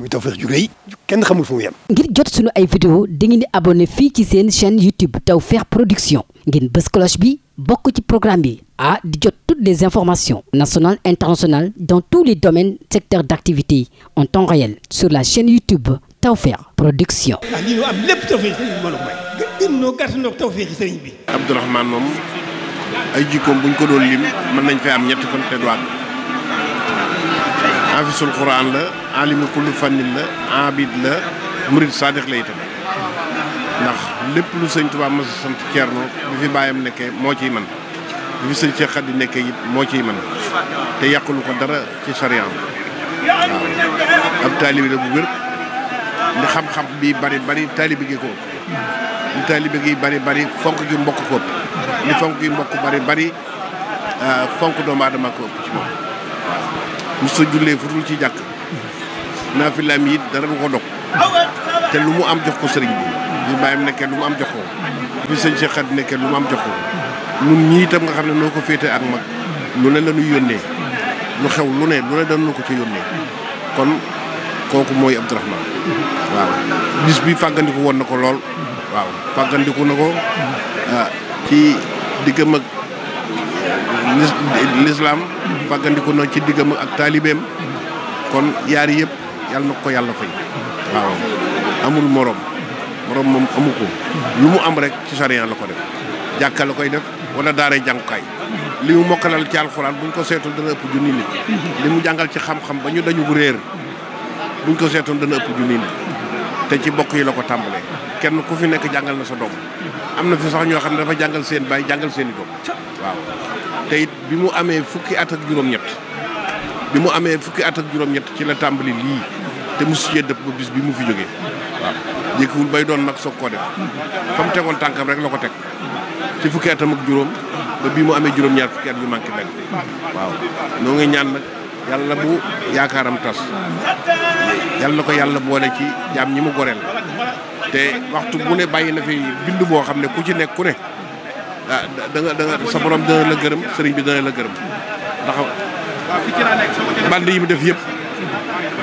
muy Tawfekh ju rëy kenn xamul fu ngir jot sunu ay vidéo dangeen di abonné fii ci seen chaîne YouTube Tawfekh Production ngeen bës bi bokk ci programme bi a di jot toutes les informations nationales internationales dans tous les domaines secteurs d'activité en temps réel sur la chaîne YouTube Tawfekh Production. ah lii ñu am lépp Tawfekh sëriñ bi may. gën moom ay jikkoom bu ko doon lim mën nañ fee am ñetti fan te du afisul Quran la. alimu kullu fannin la abid la murid saadix la itam ndax lépp lu sëñ Tuubaa mos a sant Ceerno bi fi bàyyam nekkee moo ciy man bi fi sëñ Cheikh Xaddi nekkee it moo ciy man te yàqulu ko dara ci sariyaam waaw ab taalibi la bu wér li xam-xam bi bari bari taalibi gi ko li taalibi gi bari bari fonk gi mbokk ko li fonk gi mbokk bari bari ah, fonk doomu aadama ko ci moom waaw mos a jullee futul ci jàkk naafilaam yi dara du ko dog te lu mu am jox ko sëriñ bi bi bàyyam nekkee lu mu am jox ko bi sëñ Cheikh Khady lu mu am jox ko nun ñii itam nga xam ne noo ko féete ak mag lu ne la ñu yónnee lu xew lu ne lu ne dañu ko ci yónnee kon kooku mooy Abdourahmane waaw bis bi fàggandiku woon na ko lool waaw fàggandiku na ko ah, ci diggam ak lislaam fàggandiku na ci diggam ak taalibeem kon yaar yëpp yàlla na ko yàlla fay waaw amul morom morom moom amu lu mu am rek ci sariya la ko def jàkka koy def wala daaray jàngukaay li mu mokkalal ci alxuraan buñ ko seetoon dana ëpp junni nit li mu jàngal ci xam-xam ba ñu dañu bu réer buñ ko seetoon dana ëpp junni nit te ci bokk yi la ko tàmbalee kenn ku fi nekk jàngal na sa doom am na fi sax ñoo xam ne dafa jàngal seen baay jàngal seen i doom waaw te bi mu amee fukki at ak juróom-ñett bi mu amee fukki at ak juróom-ñett ci la tàmbali lii te mu sujee dëpp ba bis bi mu fi jógee waaw jékkiwul bay doon mag soog koo def fa tànkam rek la ko teg ci fukki atam juróom ba bii mu amee juróom-ñaar fukki at yu manqué benn waaw noo ngi ñaan nag yàlla bu yaakaaram tas yàlla na ko yàlla boole ci jaam ñi mu goreel te waxtu bu ne bàyyi na fi bind boo xam ne ku ci nekk ku ne ah da sa boroom dana la gërëm sëriñ bi dana la gërëm band yi mu def yëpp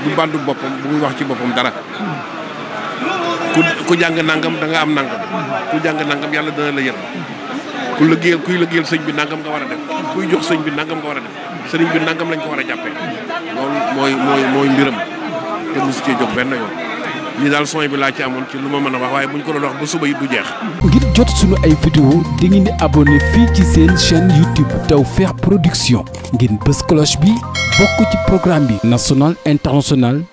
du bandu boppam bu muy wax ci boppam dara ku ku jàng nangam da nga am nangam ku jàng nangam yàlla dana la yërëm ku liggéeyal kuy liggéeyal sëñ bi nangam nga war a def kuy jox sëñ bi nangam nga war a def sëriñ bi nangam lañ ko war a jàppee mooy mooy mooy mbiram te mosu cee jox benn yoon lii daal son bi laa ci amoon ci lu ma mën a wax waaye buñ ko doon wax ba suba it du jeex. ngir jot suñu ay vidéo di ngeen di abonné fii ci seen chaîne YouTube Tawfekh Production ngeen bës cloche bi bokk ci programme bi national international.